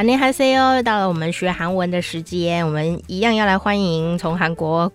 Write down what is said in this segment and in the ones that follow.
新年 h a p 又到了我們學韓文的時間，我們一樣要來歡迎從韓國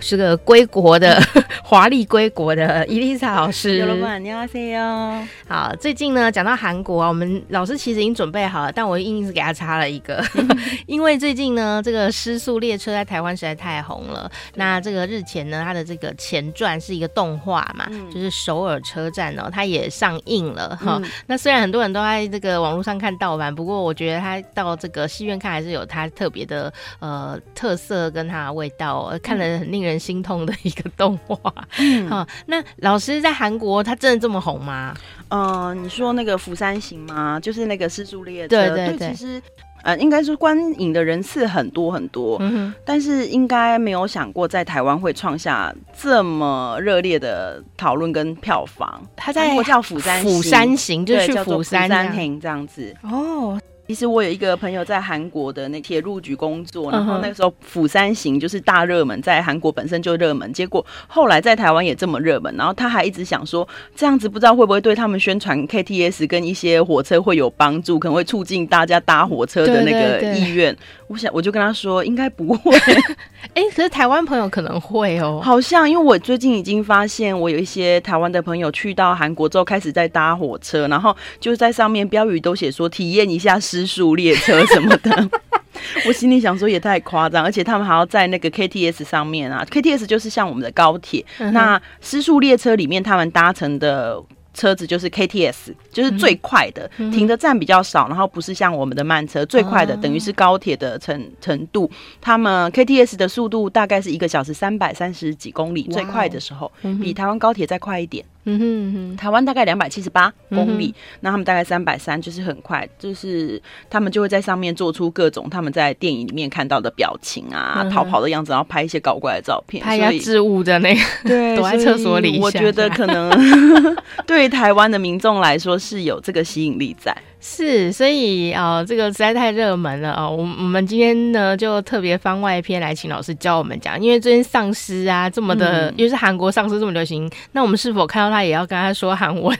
是個歸國的華麗歸國的伊麗莎老師。你 好，最近呢，講到韓國啊，我們老師其實已經準備好了，但我硬是給他插了一個， 因為最近呢，這個《屍速列車》在台灣實在太紅了。那這個日前呢，它的這個前傳是一個動畫嘛，嗯、就是首爾車站哦、喔，它也上映了哈。嗯、那雖然很多人都在這個網絡上看盜版，不過我覺得它。到這個戲院看還是有它特別的呃特色跟它的味道，看了很令人心痛的一個動畫。好，那老師在韓國，他真的這麼紅嗎？嗯，你說那個《釜山行》嗎？就是那個屍速列車。對對對。其實呃，應該說觀影的人次很多很多，嗯哼。但是應該沒有想過在台灣會創下這麼熱烈的討論跟票房。他在叫《釜釜山行》，就是釜山行這樣子哦。其實我有一個朋友在韓國的那鐵路局工作，然後那個時候釜山行就是大熱門，在韓國本身就熱門，結果後來在台灣也這麼熱門，然後他還一直想說這樣子不知道會不會對他們宣傳 KTS 跟一些火車會有幫助，可能會促進大家搭火車的那個意願。我想我就跟他說應該不會，哎、 欸，可是台灣朋友可能會哦，好像因為我最近已經發現我有一些台灣的朋友去到韓國之後開始在搭火車，然後就在上面標語都寫說體驗一下實屍速列車什麼的， 我心裡想說也太誇張，而且他們還要在那個 KTS 上面啊，KTS 就是像我們的高鐵。嗯、哼那屍速列車裡面他們搭乘的車子就是 KTS，就是最快的，嗯、哼停的站比較少，然後不是像我們的慢車，嗯、哼最快的等於是高鐵的程程度。他們 KTS 的速度大概是一個小時三百三十幾公里，哇最快的時候、嗯、哼比台灣高鐵再快一點。嗯哼，嗯哼台灣大概兩百七十八公里，嗯、哼那他們大概三百三，就是很快，就是他們就會在上面做出各種他們在電影裡面看到的表情啊，嗯、哼逃跑的樣子，然後拍一些搞怪的照片，拍一些置物的那個，以對，躲在廁所裡一下，所以我覺得可能 對於台灣的民眾來說是有這個吸引力在。是，所以呃、哦，這個實在太熱門了啊！我、哦、我們今天呢，就特別番外篇來請老師教我們講，因為最近喪屍啊這麼的，因為、嗯、是韓國喪屍這麼流行，那我們是否看到他也要跟他說韓文？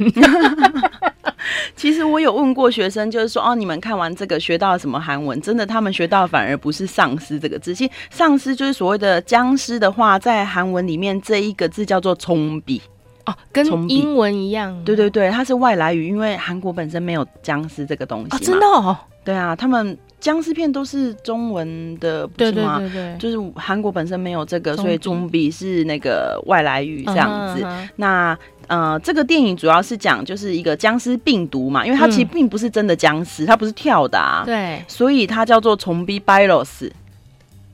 其實我有問過學生，就是說哦，你們看完這個學到了什麼韓文？真的，他們學到反而不是喪屍這個字，其實喪屍就是所謂的僵屍的話，在韓文裡面這一個字叫做“充比”。哦、跟英文一樣，對對對，它是外來語，因為韓國本身沒有僵屍這個東西、哦。真的哦？對啊，他們僵屍片都是中文的，不是嗎？對對對對，就是韓國本身沒有這個，斤所以中鼻是那個外來語這樣子。Uh huh, uh huh. 那呃，這個電影主要是講就是一個僵屍病毒嘛，因為它其實並不是真的僵屍，嗯、它不是跳的啊，對，所以它叫做蟲鼻病毒。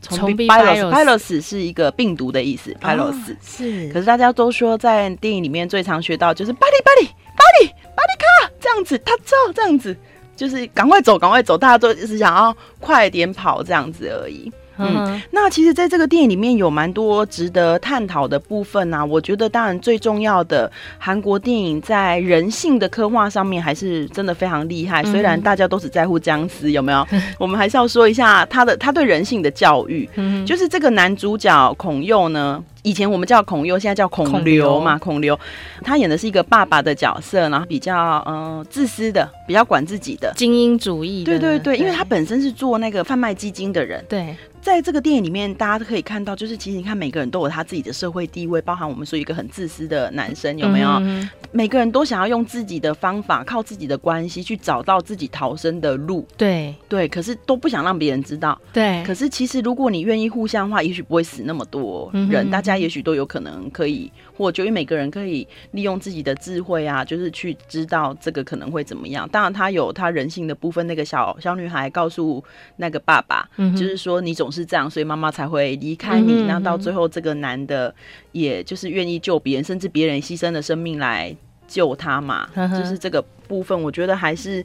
從，pylos 是一個病毒的意思，pylos。oh, 是。 可是大家都說，在電影裡面最常學到就是“巴里巴里巴里巴里卡”這樣子，他走這樣子，就是趕快走，趕快走，大家都就是想要快點跑這樣子而已。嗯，那其實，在這個電影裡面有蠻多值得探討的部分吶、啊。我覺得，當然最重要的，韓國電影在人性的刻畫上面還是真的非常厲害。嗯、哼雖然大家都只在乎僵屍有沒有， 我們還是要說一下他的他對人性的教育。嗯、哼就是這個男主角孔佑呢，以前我們叫孔佑，現在叫孔劉嘛。孔劉劉，他演的是一個爸爸的角色，然後比較嗯、呃、自私的，比較管自己的精英主義的。對對對，對因為他本身是做那個販賣基金的人。對。在這個電影裡面，大家都可以看到，就是其實你看，每個人都有他自己的社會地位，包含我們說一個很自私的男生，有沒有？嗯、哼每個人都想要用自己的方法，靠自己的關係去找到自己逃生的路。對對，可是都不想讓別人知道。對，可是其實如果你願意互相的話，也許不會死那麼多人，嗯、哼大家也許都有可能可以，或就因為每個人可以利用自己的智慧啊，就是去知道這個可能會怎麼樣。當然，他有他人性的部分。那個小小女孩告訴那個爸爸，嗯、哼就是說你總。是這樣，所以媽媽才會離開你。那、嗯嗯嗯、到最後，這個男的也就是願意救別人，甚至別人犧牲了生命來救他嘛，呵呵就是這個部分。我覺得還是，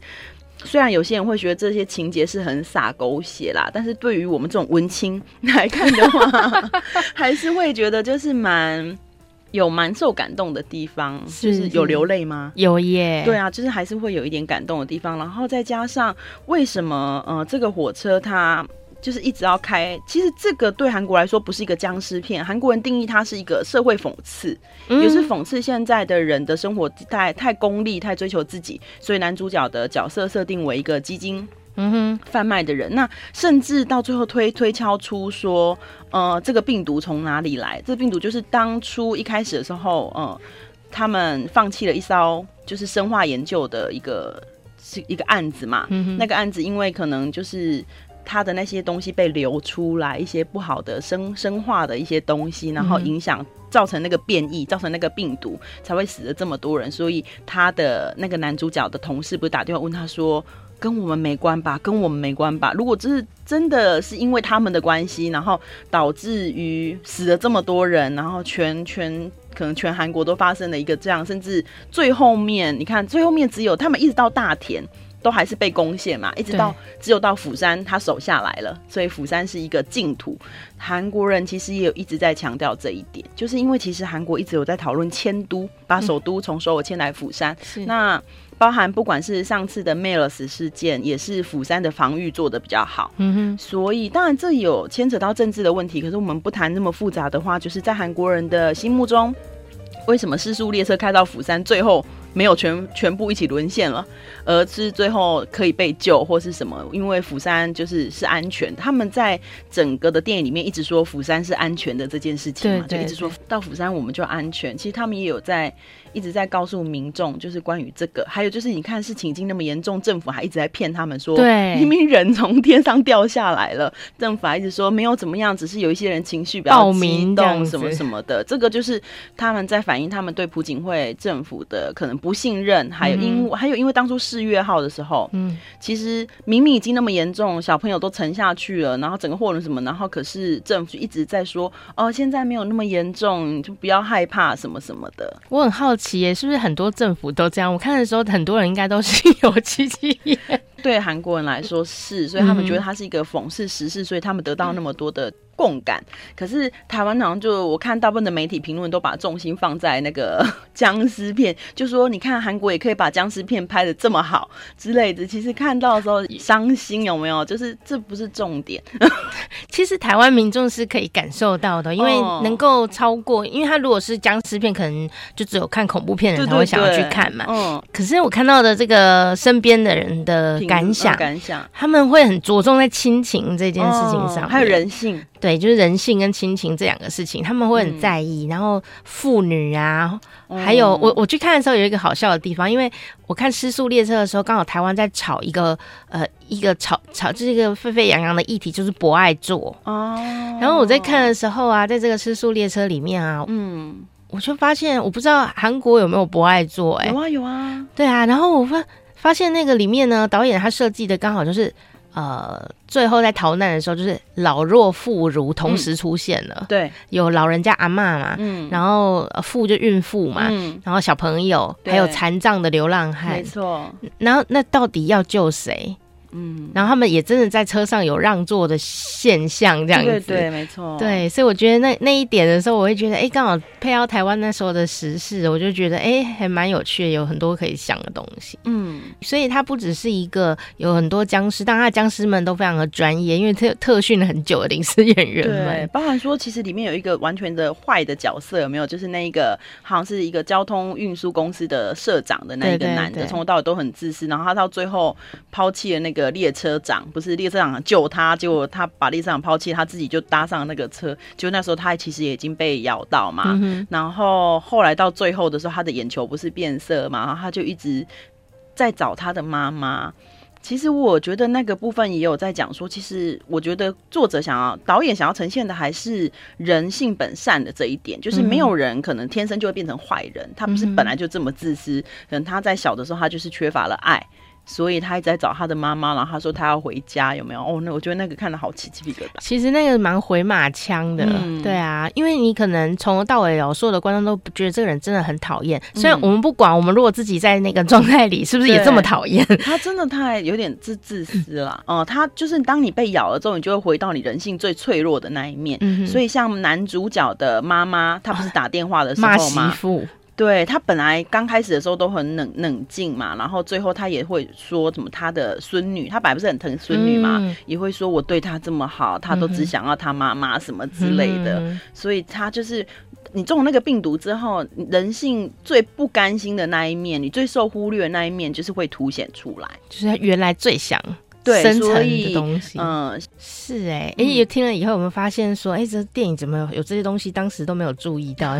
雖然有些人會覺得這些情節是很灑狗血啦，但是對於我們這種文青來看的話， 還是會覺得就是蠻有蠻受感動的地方。是，就是有流淚嗎？有耶。對啊，就是還是會有一點感動的地方。然後再加上為什麼呃這個火車它，就是一直要開，其實這個對韓國來說不是一個殭屍片，韓國人定義它是一個社會諷刺，嗯、哼也是諷刺現在的人的生活太太功利，太追求自己，所以男主角的角色設定為一個基金，嗯販賣的人，嗯、哼那甚至到最後推推敲出說，呃，這個病毒從哪裡來？這個病毒就是當初一開始的時候，嗯、呃，他們放棄了一艘就是生化研究的一個是一個案子嘛，嗯、哼那個案子因為可能就是。他的那些東西被流出來，一些不好的生生化的一些東西，然後影響造成那個變異，造成那個病毒才會死了這麼多人。所以他的那個男主角的同事不是打電話問他說：“跟我們沒關吧？跟我們沒關吧？如果這是真的是因為他們的關係，然後導致於死了這麼多人，然後全全可能全韓國都發生了一個這樣，甚至最後面你看最後面只有他們一直到大田。”都還是被攻陷嘛，一直到對只有到釜山，他守下來了，所以釜山是一個淨土。韓國人其實也有一直在強調這一點，就是因為其實韓國一直有在討論遷都，把首都從首爾遷來釜山。是、嗯，那包含不管是上次的 MERS 事件，也是釜山的防禦做得比較好。嗯哼。所以當然這有牽扯到政治的問題，可是我們不談那麼複雜的話，就是在韓國人的心目中，為什麼屍速列車開到釜山最後？沒有全全部一起淪陷了，而是最後可以被救或是什麼？因為釜山就是是安全。他們在整個的電影裡面一直說釜山是安全的這件事情嘛、啊，對對對，就一直說到釜山我們就安全。其實他們也有在一直在告訴民眾，就是關於這個。還有就是你看事情已經那麼嚴重，政府還一直在騙他們說，對，明明人從天上掉下來了，政府還一直說沒有怎麼樣，只是有一些人情緒比較激動什麼什麼的。這，這個就是他們在反映他們對朴槿惠政府的可能。不信任，還有因、嗯、哼還有因為當初四月號的時候，嗯，其實明明已經那麼嚴重，小朋友都沉下去了，然後整個貨輪什麼，然後可是政府一直在說哦、呃，現在沒有那麼嚴重，就不要害怕什麼什麼的。我很好奇耶、欸，是不是很多政府都這樣？我看的時候，很多人應該都是有記憶。 對韓國人來說是，所以他們覺得他是一個諷刺時事，所以他們得到那麼多的。共感，可是台灣好像就我看大部分的媒體評論都把重心放在那個殭屍片，就說你看韓國也可以把殭屍片拍得這麼好之類的。其實看到的時候傷心有沒有？就是這不是重點。 其實台灣民眾是可以感受到的，因為能夠超過，因為他如果是殭屍片，可能就只有看恐怖片的人才會想要去看嘛。對對對。嗯、可是我看到的這個身邊的人的感想，嗯、感想他們會很着重在親情這件事情上，還、哦、有人性。對，就是人性跟親情這兩個事情，他們會很在意。嗯、然後婦女啊，嗯、還有我，我去看的時候有一個好笑的地方，因為我看《屍速列車》的時候，剛好台灣在炒一個呃一個炒炒，就是一個沸沸揚揚的議題，就是博愛座哦。然後我在看的時候啊，在這個《屍速列車》裡面啊，嗯，我就發現我不知道韓國有沒有博愛座、欸，哎、啊，有啊有啊，對啊。然後我發發現那個裡面呢，導演他設計的剛好就是。呃，最後在逃難的時候，就是老弱婦孺同時出現了。嗯、對，有老人家阿嬤嘛，嗯、然後婦就孕婦嘛，嗯、然後小朋友，對還有殘障的流浪漢。沒錯錯。然後，那到底要救誰？嗯，然後他們也真的在車上有讓座的現象，這樣子，對對，沒錯，對，所以我覺得那那一點的時候，我會覺得，哎，剛好配到台灣那時候的時事，我就覺得，哎，還蠻有趣的，有很多可以想的東西。嗯，所以他不只是一個有很多僵屍，當然他的僵屍們都非常的專業，因為特特訓了很久的臨時演員，對，包含說其實裡面有一個完全的壞的角色，有沒有？就是那一個好像是一個交通運輸公司的社長的那一個男的，對對對，從頭到尾都很自私，然後他到最後拋棄了那個。的列車長不是列車長救他，結果他把列車長拋棄，他自己就搭上那個車。就那時候他其實也已經被咬到嘛，嗯、哼然後後來到最後的時候，他的眼球不是變色嘛，然後他就一直在找他的媽媽。其實我覺得那個部分也有在講說，其實我覺得作者想要導演想要呈現的還是人性本善的這一點，就是沒有人可能天生就會變成壞人，嗯、哼他不是本來就這麼自私，可能他在小的時候他就是缺乏了愛。所以他一直在找他的媽媽，然後他說他要回家，有沒有？哦，那我覺得那個看得好奇奇一吧。其實那個蠻回馬槍的，嗯、對啊，因為你可能從頭到尾，所有的觀眾都不覺得這個人真的很討厭。嗯、雖然我們不管，我們如果自己在那個狀態裡，嗯、是不是也這麼討厭？他真的太有點自自私了，哦、嗯呃，他就是當你被咬了之後，你就會回到你人性最脆弱的那一面。嗯、哼所以像男主角的媽媽，他不是打電話的時候嗎？哦，罵媳婦。對他本來剛開始的時候都很冷冷靜嘛，然後最後他也會說什麼他的孫女，他本來不是很疼孫女嘛，嗯、也會說我對她這麼好，她都只想要她媽媽什麼之類的，嗯嗯、所以他就是你中了那個病毒之後，人性最不甘心的那一面，你最受忽略的那一面，就是會凸顯出來，就是他原來最想。對，深層的東西，嗯，是哎、欸，哎、欸，聽了以後，有沒有發現說，哎、欸，這電影怎麼有，有這些東西，當時都沒有注意到。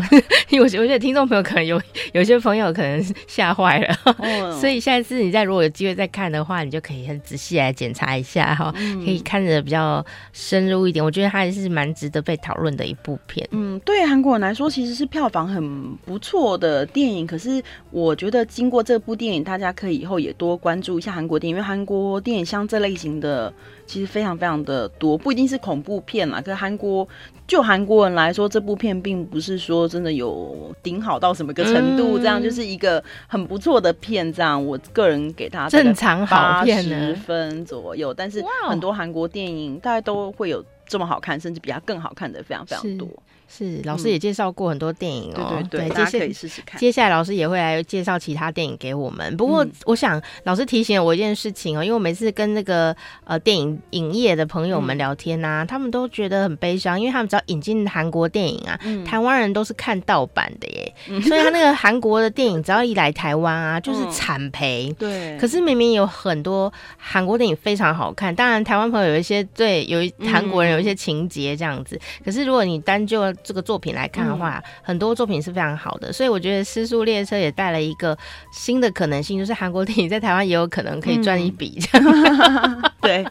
因 為我覺得聽眾朋友可能有有些朋友可能嚇壞了，嗯、所以下一次你再如果有機會再看的話，你就可以很仔細來檢查一下哈，可以看着比較深入一點。我覺得它還是蠻值得被討論的一部片。嗯，對韓國人來說，其實是票房很不錯的電影。可是我覺得經過這部電影，大家可以以後也多關注一下韓國電影，因為韓國電影像這個。類型的其實非常非常的多，不一定是恐怖片嘛。可是韓國就韓國人來說，這部片並不是說真的有頂好到什麼個程度，這樣、嗯、就是一個很不錯的片，這樣，我個人給它正常好片呢，十分左右。但是很多韓國電影大概都會有這麼好看，甚至比它更好看的非常非常多。是老師也介紹過很多電影哦、喔嗯，對對對，對大家可以試試看。接下來老師也會來介紹其他電影給我們。不過、嗯、我想老師提醒了我一件事情哦、喔，因為我每次跟那個呃電影影業的朋友們聊天吶、啊，嗯、他們都覺得很悲傷，因為他們只要引進韓國電影啊，嗯、台灣人都是看盜版的耶，嗯、所以他那個韓國的電影只要一來台灣啊，就是慘賠、嗯。對，可是明明有很多韓國電影非常好看，當然台灣朋友有一些對，有一韓國人有一些情節這樣子，嗯嗯、可是如果你單就這個作品來看的話，嗯、很多作品是非常好的，所以我覺得《屍速列車》也帶了一個新的可能性，就是韓國電影在台灣也有可能可以賺一筆。嗯、這樣對，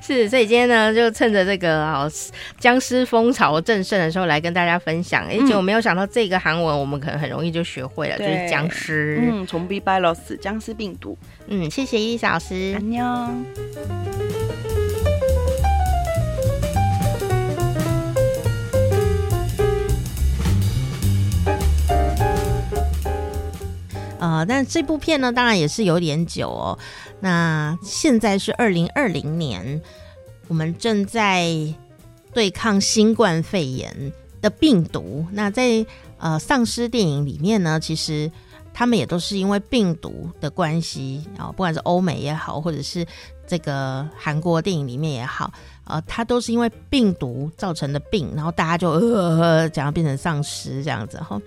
是，所以今天呢，就趁着這個好、哦、僵屍風潮正盛的時候，來跟大家分享。而且我沒有想到這個韓文，我們可能很容易就學會了，嗯、就是僵屍。嗯，從《Be b y l o s 僵屍病毒。嗯，謝謝伊小詩。啊、呃，但這部片呢，當然也是有點久哦。那現在是二零二零年，我們正在對抗新冠肺炎的病毒。那在呃喪屍電影裡面呢，其實他們也都是因為病毒的關係啊、哦，不管是歐美也好，或者是這個韓國電影裡面也好，呃，他都是因為病毒造成的病，然後大家就呃，呃，呃，想要變成喪屍這樣子。然、哦、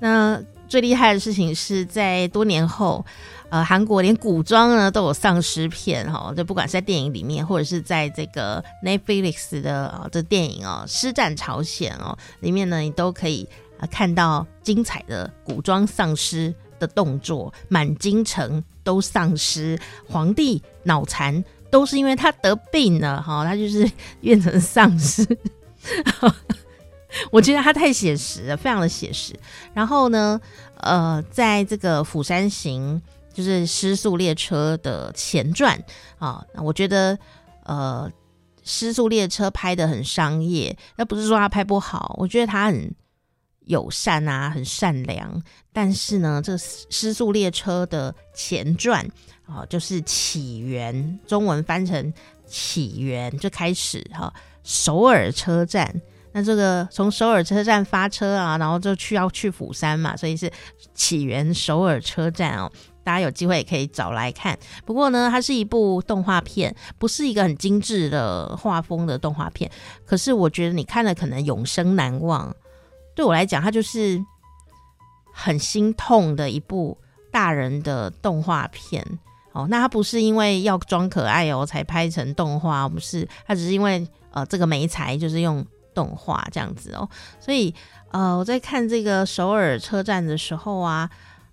那。最厲害的事情是在多年後，呃，韓國連古裝呢都有喪屍片哦，就不管是在電影裡面，或者是在這個 Netflix 的啊、哦、這電影哦，《屍戰朝鮮》哦，裡面呢你都可以、呃、看到精彩的古裝喪屍的動作，滿京城都喪屍，皇帝腦殘都是因為他得病了哈、哦，他就是變成喪屍。 我覺得它太寫實了，非常的寫實。然後呢，呃，在這個《釜山行》就是《屍速列車》的前傳啊，我覺得呃，《屍速列車》拍得很商業，那不是說它拍不好，我覺得它很友善啊，很善良。但是呢，這《屍速列車》的前傳啊，就是起源，中文翻成起源就開始哈、啊，首爾車站。那這個從首爾車站發車啊，然後就去要去釜山嘛，所以是起源首爾車站哦。大家有機會也可以找來看。不過呢，它是一部動畫片，不是一個很精緻的畫風的動畫片。可是我覺得你看了可能永生難忘。對我來講，它就是很心痛的一部大人的動畫片哦。那它不是因為要裝可愛哦才拍成動畫，不是？它只是因為呃，這個沒才，就是用。動畫這樣子哦、喔，所以呃，我在看這個首爾車站的時候啊，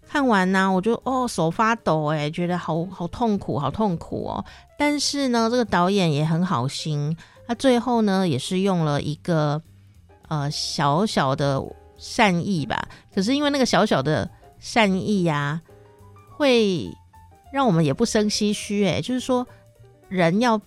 看完呢、啊，我就哦手發抖哎、欸，覺得好好痛苦，好痛苦哦、喔。但是呢，這個導演也很好心，他最後呢也是用了一個呃小小的善意吧。可是因為那個小小的善意呀、啊，會讓我們也不勝唏噓哎、欸，就是說人要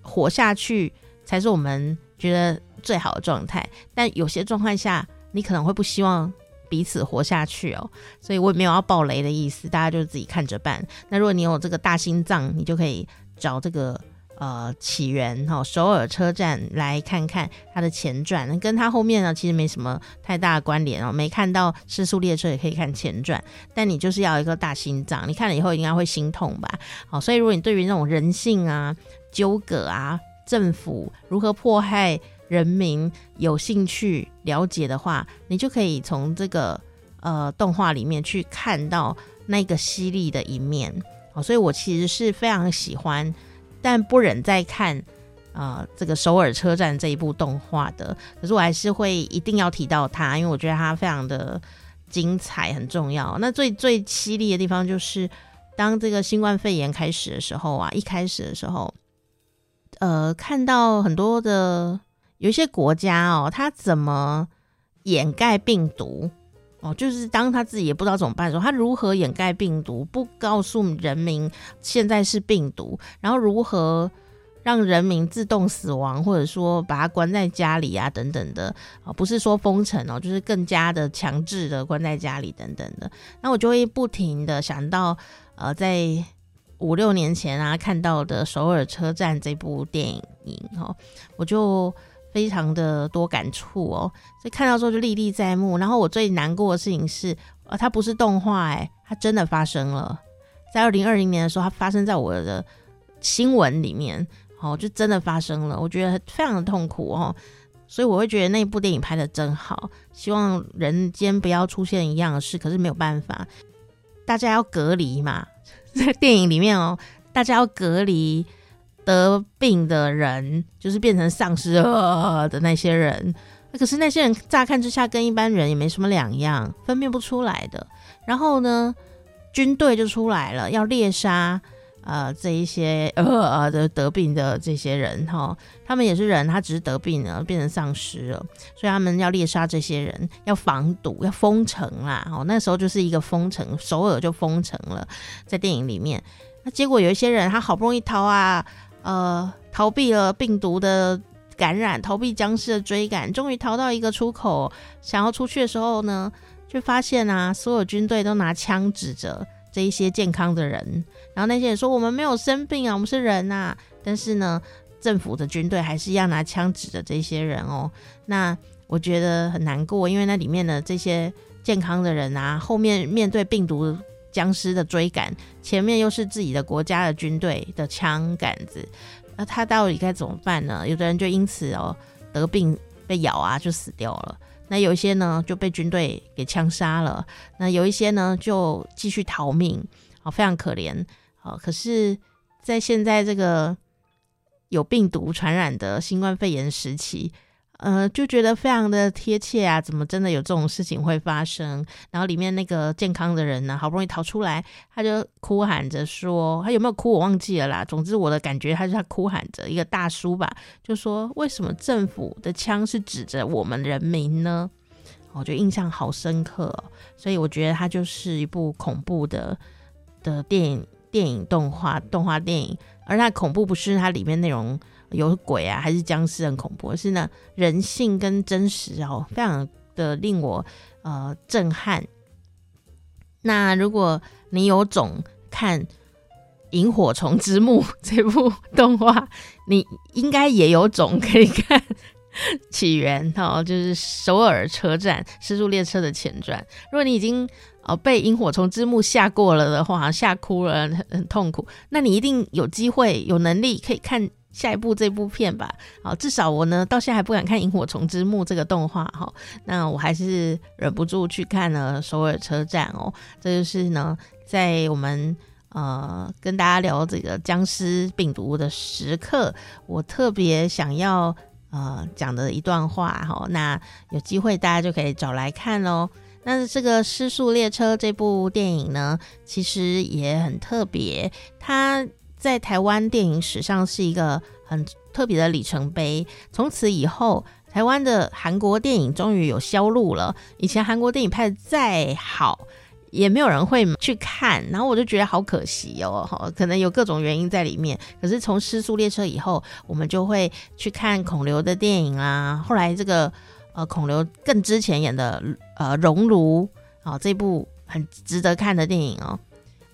活下去才是我們覺得。最好的狀態，但有些狀況下，你可能會不希望彼此活下去哦。所以我也沒有要爆雷的意思，大家就自己看着辦。那如果你有這個大心臟，你就可以找這個呃起源哈、哦、首爾車站來看看它的前傳，那跟它後面呢其實沒什麼太大的關聯哦。沒看到屍速列車也可以看前傳，但你就是要一個大心臟，你看了以後應該會心痛吧？好、哦，所以如果你對於那種人性啊糾葛啊，政府如何迫害。人民有興趣了解的話，你就可以從這個呃動畫裡面去看到那個犀利的一面。哦，所以我其實是非常喜歡，但不忍再看啊，呃，這個首爾車站這一部動畫的，可是我還是會一定要提到它，因為我覺得它非常的精彩，很重要。那最最犀利的地方就是，當這個新冠肺炎開始的時候啊，一開始的時候，呃，看到很多的。有一些國家哦，他怎麼掩蓋病毒哦？就是當他自己也不知道怎麼辦的時候，他如何掩蓋病毒，不告訴人民現在是病毒，然後如何讓人民自動死亡，或者說把他關在家裡啊等等的啊。哦，不是說封城哦，就是更加的強制的關在家裡等等的。那我就會不停的想到，呃，在五六年前啊看到的《首爾車站》這部電影哦，我就。非常的多感觸哦，所以看到之後就歷歷在目。然後我最難過的事情是，啊，它不是動畫哎，它真的發生了，在二零二零年的時候，它發生在我的新聞裡面，哦，就真的發生了，我覺得非常的痛苦哦。所以我會覺得那部電影拍得真好，希望人間不要出現一樣的事，可是沒有辦法，大家要隔離嘛，在電影裡面哦，大家要隔離。得病的人就是變成喪屍的那些人，可是那些人乍看之下跟一般人也沒什麼兩樣，分辨不出來的。然後呢，軍隊就出來了，要獵殺呃這一些呃的得病的這些人哈、哦，他們也是人，他只是得病了，變成喪屍了，所以他們要獵殺這些人，要防堵，要封城啦。哦，那時候就是一個封城，首爾就封城了，在電影裡面，那結果有一些人他好不容易逃啊。呃，逃避了病毒的感染，逃避僵屍的追趕，終於逃到一個出口。想要出去的時候呢，就發現啊，所有軍隊都拿槍指着這一些健康的人。然後那些人說：“我們沒有生病啊，我們是人吶啊。”但是呢，政府的軍隊還是要拿槍指着這些人哦。那我覺得很難過，因為那裡面的這些健康的人啊，後面面對病毒。僵屍的追趕，前面又是自己的國家的軍隊的槍桿子，那他到底該怎麼辦呢？有的人就因此哦得病被咬啊，就死掉了；那有一些呢就被軍隊給槍殺了；那有一些呢就繼續逃命，好、哦、非常可憐。好、哦，可是，在現在這個有病毒傳染的新冠肺炎時期。呃，就覺得非常的貼切啊！怎麼真的有這種事情會發生？然後裡面那個健康的人呢，好不容易逃出來，他就哭喊着說：“他有沒有哭，我忘記了啦。總之，我的感覺他是他哭喊着，一個大叔吧，就說為什麼政府的槍是指着我們人民呢？”我覺得印象好深刻哦，所以我覺得它就是一部恐怖的的電影，電影動畫動畫電影，而它恐怖不是它裡面內容。有鬼啊，還是殭屍很恐怖？是呢，人性跟真實哦，非常的令我呃震撼。那如果你有種看《螢火蟲之墓》這部動畫，你應該也有種可以看起源哦，就是首爾車站屍速列車的前傳。如果你已經哦被《螢火蟲之墓》嚇過了的話，嚇哭了，很很痛苦，那你一定有機會、有能力可以看。下一部這部片吧，好，至少我呢到現在還不敢看《螢火蟲之墓》這個動畫哈，那我還是忍不住去看了《首爾車站》哦，這就是呢在我們呃跟大家聊這個殭屍病毒的時刻，我特別想要呃講的一段話哈，那有機會大家就可以找來看嘍。那這個《屍速列車》這部電影呢，其實也很特別，它在台灣電影史上是一個很特別的里程碑。從此以後，台灣的韓國電影終於有銷路了。以前韓國電影拍得再好，也沒有人會去看。然後我就覺得好可惜哦，哦可能有各種原因在裡面。可是從《屍速列車》以後，我們就會去看孔劉的電影啊。後來這個呃孔劉更之前演的呃《熔爐》哦，啊這部很值得看的電影哦。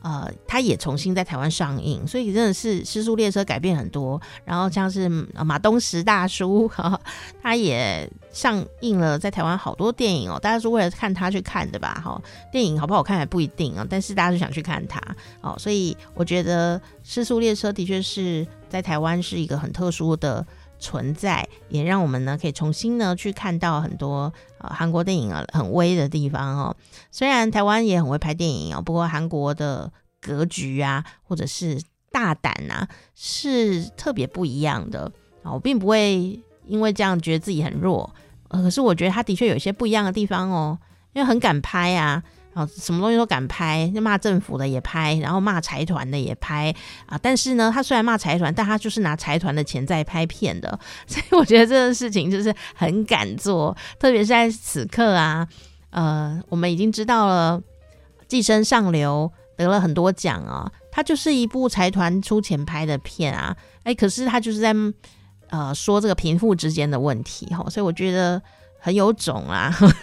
呃，他也重新在台灣上映，所以真的是《屍速列車》改變很多。然後像是馬東石大叔哈、哦，他也上映了在台灣好多電影哦，大家是為了看他去看的吧？哈、哦，電影好不好看還不一定啊、哦，但是大家就想去看他哦。所以我覺得《屍速列車》的確是在台灣是一個很特殊的。存在也讓我們呢，可以重新呢去看到很多、呃、韓國電影啊，很威的地方哦。雖然台灣也很會拍電影哦，不過韓國的格局啊，或者是大膽啊，是特別不一樣的、哦、我並不會因為這樣覺得自己很弱，呃、可是我覺得他的確有一些不一樣的地方哦，因為很敢拍啊。啊，什麼東西都敢拍，就罵政府的也拍，然後罵財團的也拍啊。但是呢，他雖然罵財團，但他就是拿財團的錢在拍片的。所以我覺得這個事情就是很敢做，特別是在此刻啊。呃，我們已經知道了《寄生上流》得了很多獎啊，他就是一部財團出錢拍的片啊。哎，可是他就是在呃說這個貧富之間的問題哈、哦。所以我覺得。很有種啊呵呵！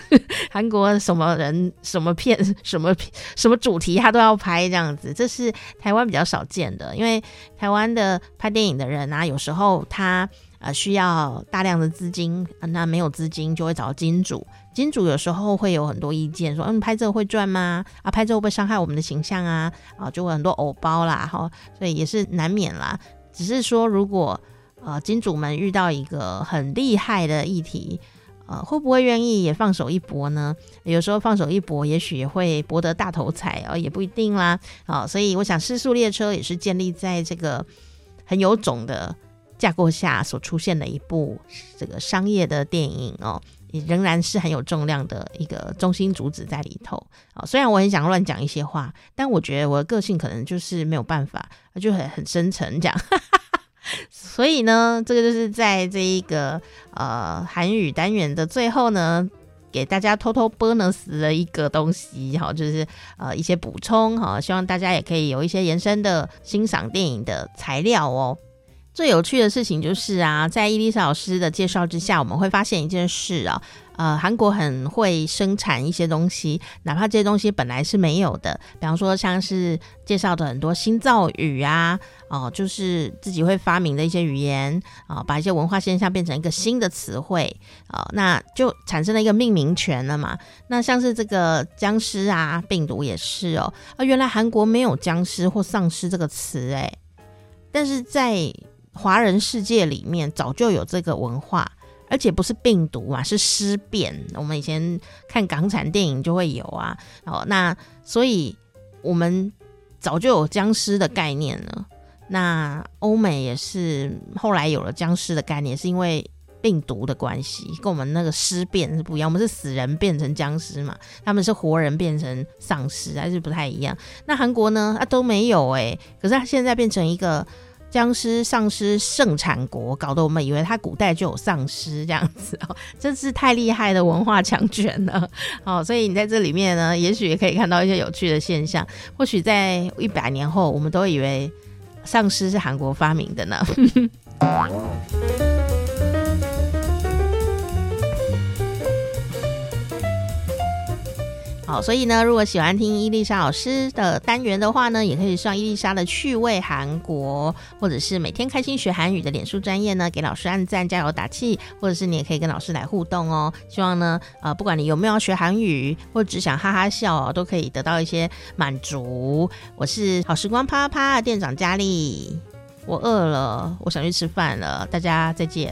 韓國什麼人、什麼片、什麼什麼主題，他都要拍這樣子，這是台灣比較少見的。因為台灣的拍電影的人啊，有時候他呃需要大量的資金，那、呃、沒有資金就會找金主，金主有時候會有很多意見，說嗯，拍這個會賺嗎？啊，拍這個會不會傷害我們的形象啊啊、呃，就會很多偶包啦，哈、哦，所以也是難免啦。只是說，如果、呃、金主們遇到一個很厲害的議題。呃、哦，會不會願意也放手一搏呢？有時候放手一搏，也許也會博得大頭彩哦，也不一定啦。好、哦，所以我想《屍速列車》也是建立在這個很有種的架構下所出現的一部這個商業的電影哦，也仍然是很有重量的一個中心主旨在裡頭。啊、哦，雖然我很想亂講一些話，但我覺得我的個性可能就是沒有辦法，就很很深沉這樣。 所以呢，這個就是在這一個呃韓語單元的最後呢，給大家偷偷 bonus 了一個東西，哈、哦，就是呃一些補充，哈、哦，希望大家也可以有一些延伸的欣賞電影的材料哦。最有趣的事情就是啊，在伊麗莎老師的介紹之下，我們會發現一件事啊、哦，呃，韓國很會生產一些東西，哪怕這些東西本來是沒有的，比方說像是介紹的很多新造語啊，哦、呃，就是自己會發明的一些語言啊、呃，把一些文化現象變成一個新的詞彙啊，那就產生了一個命名權了嘛。那像是這個僵屍啊，病毒也是哦，啊、呃，原來韓國沒有僵屍或喪屍這個詞誒、欸，但是在。華人世界裡面早就有這個文化，而且不是病毒嘛，是屍變。我們以前看港產電影就會有啊，哦，那所以我們早就有殭屍的概念了。那歐美也是後來有了殭屍的概念，是因為病毒的關係，跟我們那個屍變是不一樣。我們是死人變成殭屍嘛，他們是活人變成喪屍，還是不太一樣。那韓國呢？啊，都沒有誒，可是他現在變成一個。僵屍、喪屍盛產國，搞得我們以為他古代就有喪屍這樣子哦，真是太厲害的文化強權了哦。所以你在這裡面呢，也許也可以看到一些有趣的現象。或許在一百年後，我們都以為喪屍是韓國發明的呢。 好、哦，所以呢，如果喜歡聽伊麗莎老師的單元的話呢，也可以上伊麗莎的趣味韓國，或者是每天開心學韓語的臉書專頁呢，給老師按讚加油打氣，或者是你也可以跟老師來互動哦。希望呢，呃，不管你有沒有學韓語，或者只想哈哈笑，哦，都可以得到一些滿足。我是好時光啪啪啪店長嘉勵，我餓了，我想去吃飯了，大家再見。